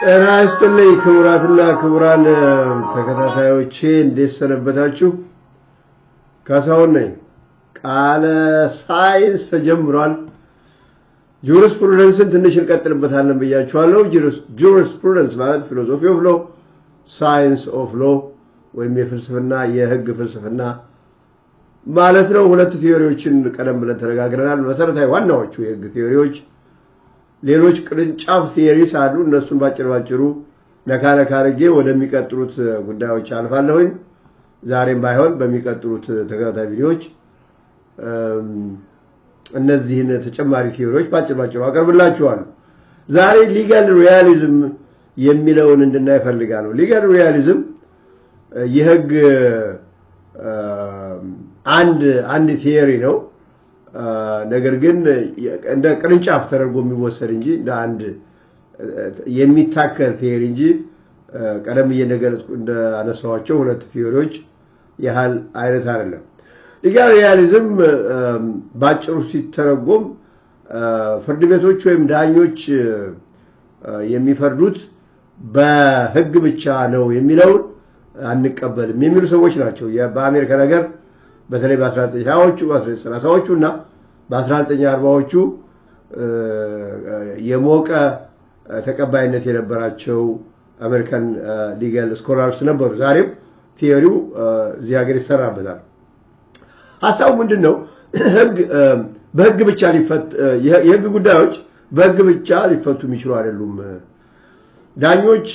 ጤና ይስጥልኝ ክቡራትና ክቡራን ተከታታዮቼ እንዴት ሰነበታችሁ? ካሳሁን ነኝ። ቃለ ሳይንስ ተጀምሯል። ጁሪስፕሩደንስን ትንሽ እንቀጥልበታለን ብያችኋለሁ። ጁሪስፕሩደንስ ማለት ፊሎሶፊ ኦፍ ሎ፣ ሳይንስ ኦፍ ሎ ወይም የፍልስፍና የህግ ፍልስፍና ማለት ነው። ሁለት ቲዮሪዎችን ቀደም ብለን ተነጋግረናል። መሰረታዊ ዋናዎቹ የህግ ቲዮሪዎች ሌሎች ቅርንጫፍ ቴሪስ አሉ። እነሱን ባጭር ባጭሩ ነካ ነካ አድርጌ ወደሚቀጥሉት ጉዳዮች አልፋለሁኝ። ዛሬም ባይሆን በሚቀጥሉት ተከታታይ ቪዲዮዎች እነዚህን ተጨማሪ ቴዎሪዎች ባጭር ባጭሩ አቀርብላችኋል። ዛሬ ሊጋል ሪያሊዝም የሚለውን እንድናይ እፈልጋለሁ። ሊጋል ሪያሊዝም የህግ አንድ አንድ ቲዮሪ ነው። ነገር ግን እንደ ቅርንጫፍ ተደርጎ የሚወሰድ እንጂ እንደ አንድ የሚታከል ቴዎሪ እንጂ ቀደም እየነገረጽ እንዳነሳኋቸው ሁለት ቴዎሪዎች ያህል አይነት አይደለም። ሪያሊዝም በአጭሩ ሲተረጎም ፍርድ ቤቶች ወይም ዳኞች የሚፈርዱት በህግ ብቻ ነው የሚለውን አንቀበልም የሚሉ ሰዎች ናቸው። በአሜሪካ ነገር በተለይ በ1920ዎቹ በ1930ዎቹ እና በ1940ዎቹ የሞቀ ተቀባይነት የነበራቸው አሜሪካን ሊጋል ስኮላርስ ነበሩ። ዛሬም ቲዮሪው እዚህ ሀገር ይሰራበታል። ሀሳቡ ምንድን ነው? ህግ በህግ ብቻ ሊፈት የህግ ጉዳዮች በህግ ብቻ ሊፈቱ የሚችሉ አይደሉም። ዳኞች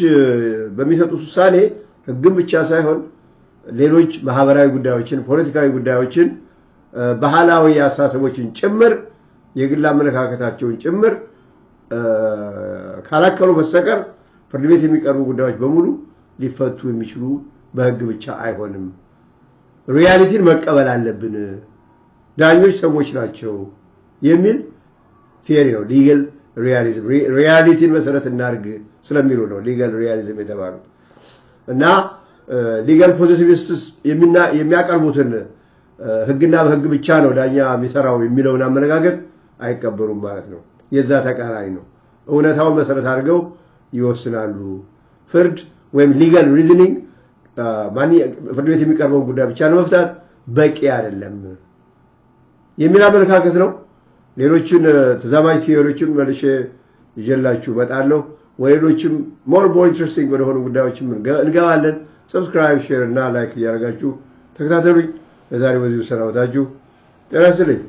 በሚሰጡት ውሳኔ ህግን ብቻ ሳይሆን ሌሎች ማህበራዊ ጉዳዮችን፣ ፖለቲካዊ ጉዳዮችን፣ ባህላዊ አስተሳሰቦችን ጭምር የግል አመለካከታቸውን ጭምር ካላከሉ በስተቀር ፍርድ ቤት የሚቀርቡ ጉዳዮች በሙሉ ሊፈቱ የሚችሉ በህግ ብቻ አይሆንም። ሪያሊቲን መቀበል አለብን። ዳኞች ሰዎች ናቸው የሚል ቴሪ ነው። ሊገል ሪያሊዝም ሪያሊቲን መሰረት እናድርግ ስለሚሉ ነው ሊገል ሪያሊዝም የተባሉት እና ሊጋል ፖዘቲቪስትስ የሚያቀርቡትን ህግና በህግ ብቻ ነው ዳኛ የሚሰራው የሚለውን አመለካከት አይቀበሉም ማለት ነው። የዛ ተቃራኒ ነው። እውነታውን መሰረት አድርገው ይወስናሉ። ፍርድ ወይም ሊጋል ሪዝኒንግ ፍርድ ቤት የሚቀርበውን ጉዳይ ብቻ ለመፍታት በቂ አይደለም የሚል አመለካከት ነው። ሌሎችን ተዛማጅ ቲዮሪዎችን መልሼ ይዤላችሁ እመጣለሁ። ወሌሎችም ሞር ሞር ኢንትረስቲንግ ወደሆኑ ጉዳዮችም እንገባለን። ሰብስክራይብ፣ ሼር እና ላይክ እያደረጋችሁ ተከታተሉኝ። ለዛሬ በዚሁ ሰናበታችሁ። ጤና ይስጥልኝ።